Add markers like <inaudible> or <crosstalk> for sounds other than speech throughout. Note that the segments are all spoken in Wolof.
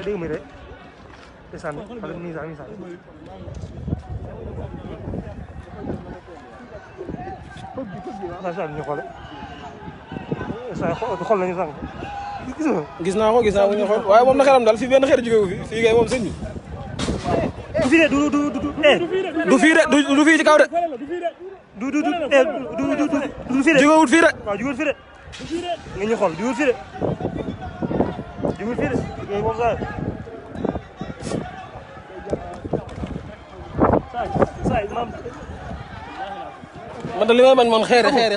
de day ummi ñu xool nañu sànq gis nga. ko gis naa ko ñu xool waaye moom na xelam daal fii benn xeer du fii du du du eh. du fii de du du fii ci kaw de. du du eh, Jimmy Fierce, game was out. man de li may man leer leen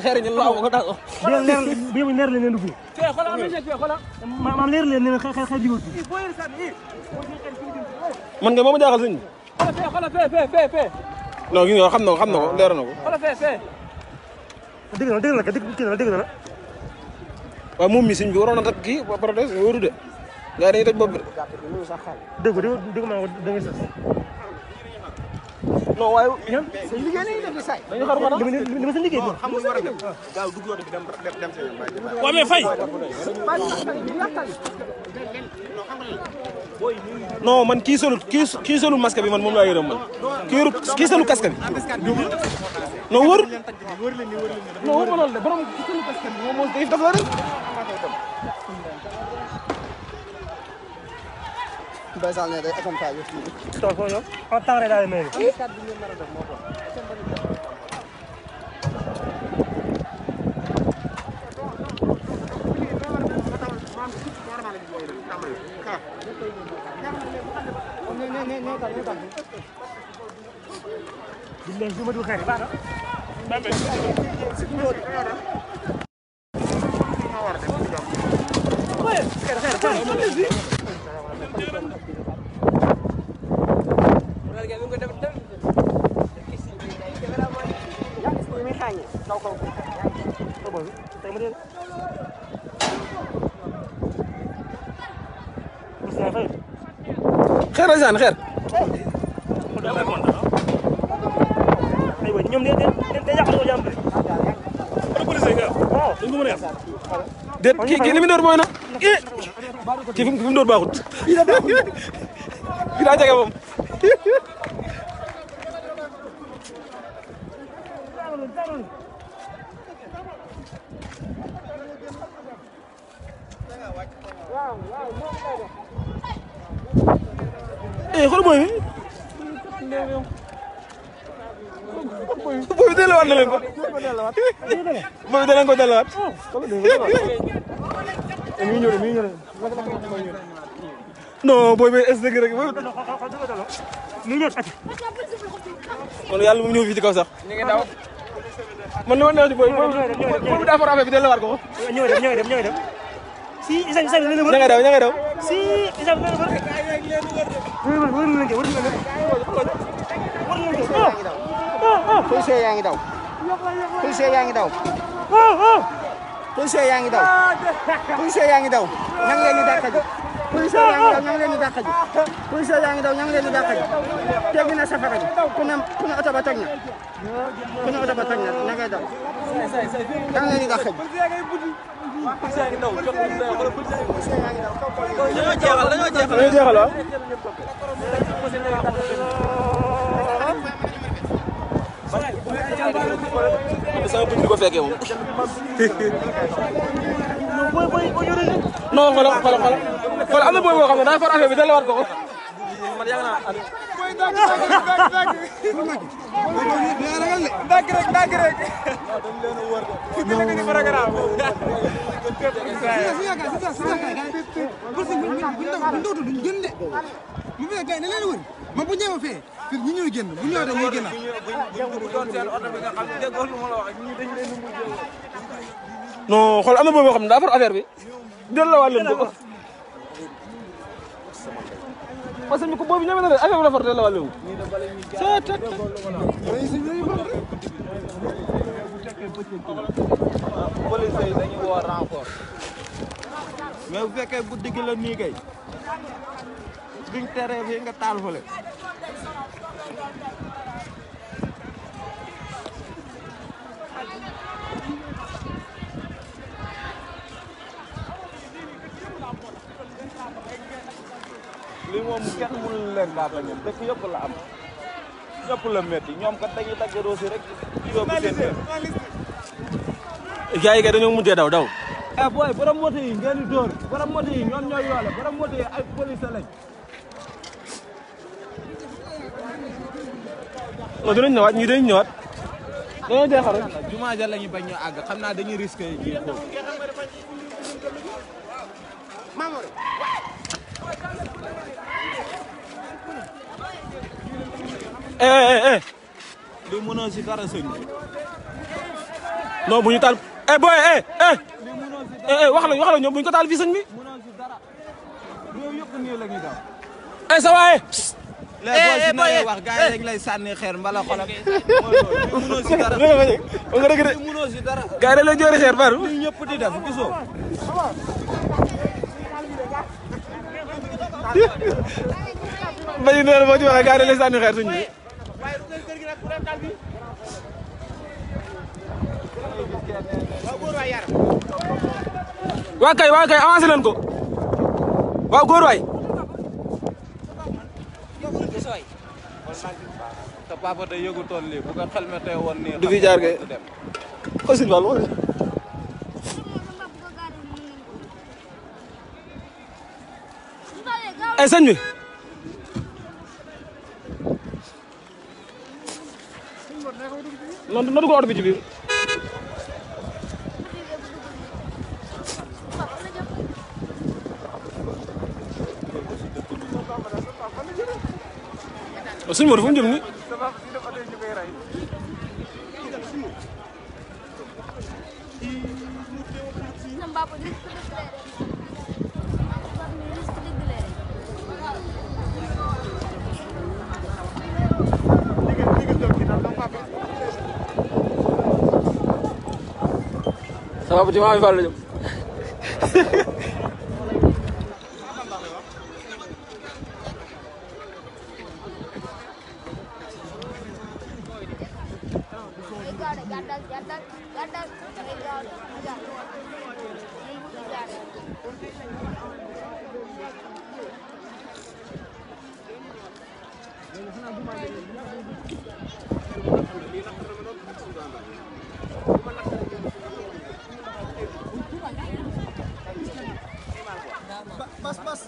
leen dugg. xoolal am na ñett leer leen ne xeer man nga moom a jaaxal sëñ bi. nga xam na ko xam na ko leer na ko. xoolal fee fee. dégg na dégg na la. waaw moom mi sëñ bi waroon na kii ba pare de. nga day toj bopp bi dëgg dëgg da ngay sas non waaye ñoom seen liggéey lañuy def li ma seen liggéey a dem gaaw dugg yoon bi dem dem seen yoon man kii solut kii kii solut masque bi man moom laa yërëm man kii yorut kii solut casque bi non wër non wër ma loolu de borom kii solut bi moom moo Mbaye Sall ne day accompagné. toog foofu ñoom en temps rek daal di may. Billahi cuma dua kali, Pak. Bapak. Woi, sekarang sekarang. xeer la saan xeer. aywa ñoom dañuy dañuy yàq dañoo jàmbale. waaw dañ ko mën a yàq. déet kii kii li mu dóor mooy na. kii fi mu dóor baaxut. fii <laughs> daa jege moom. booy bi. booy bi delluwaat na leen ko. booy bi danañ ko delluwaat. non booy bi est dëgg rek booy kon yàlla bu mu ñëw fii ci kaw sax. ñu ngi daw. man li ma neex ci booy bi daa for affaire bi delluwaat ko. ñooy dem ñooy dem ñooy dem. si isa isa bi daw ña nga daw. si isa bi policier yaa ngi daw policier yaa ngi daw policier yaa ngi daw policier yaa ngi daw nan leen di dàkka police yaa ngi daw ña ngi leen di dàq ji police yaa ngi daw ña ngi leen di dàq ji teggi na safara ji ku ne ku ne oto ba toj na ku ne oto ba toj na na ngay daw ña ngi leen di dàq ji police yaa ngi daw dañoo jeexal dañoo jeexal sama buñ bi ko fekkee moom <laughs> booy booy booy yore yi. non xoolal xoolal xoolal xoolal am na booy boo xam ne daa far affaire bi delloo waat ko ko. man yàgg naa at. ndànk rek ndànk rek. mu fi kay ne leen wër ma bu ñëw fee fi ñu ñuy génn bu ñëw dañuy génn bu doon seen oto bi nga xam déggoon lu ma la wax ñu dañ leen non xool am na boobu xam ne daa far affaire bi delloowaat leen ko. parce que ko boobu ñeme na de affaire bi la far mais bu fekkee guddi gi la nii kay. duñ teree fii nga taal fële. moom kenn mënul leen kaa bañal dëkk yëpp la am yëpp la métti ñoom kat dañuy dagg roosi rek yóbbu seen kër gars yi kay dañoo mujjee daw daw eh booy borom moto yi ngeen di dóor borom moto yi ñoom ñooy yoole borom moto yi ay police lañ non dinañ ñëwaat ñii dañ ñëwaat dañoo jeexal rek jumaa ja la ñu bañ ñu àgg xam naa dañuy risqué ji foofu eh eh, eh. li mënoo si dara sëñ bu ñu taal eh booy eh eh eh wax la wax bu ñu taal fii sëñ bi eh sa waaye eh. léegi boo eh, si wax gars yi dañu lay sànni xeer mbala xolam. mënoo si dara mënoo si dara. gars yi lay xeer par. ñun ñëpp di def gisoo. mbéyum noonu moo ci waxee gars yi xeer suñu waa kay waa kay avancé leen ko waaw góor waay te papa day yëgu tool lii xel ma tey woon nii du jaar kay aussi wàllu woon eh sëñ bi noonu na dugg oto bi ci sama ci maam Fall la jëm Thank you.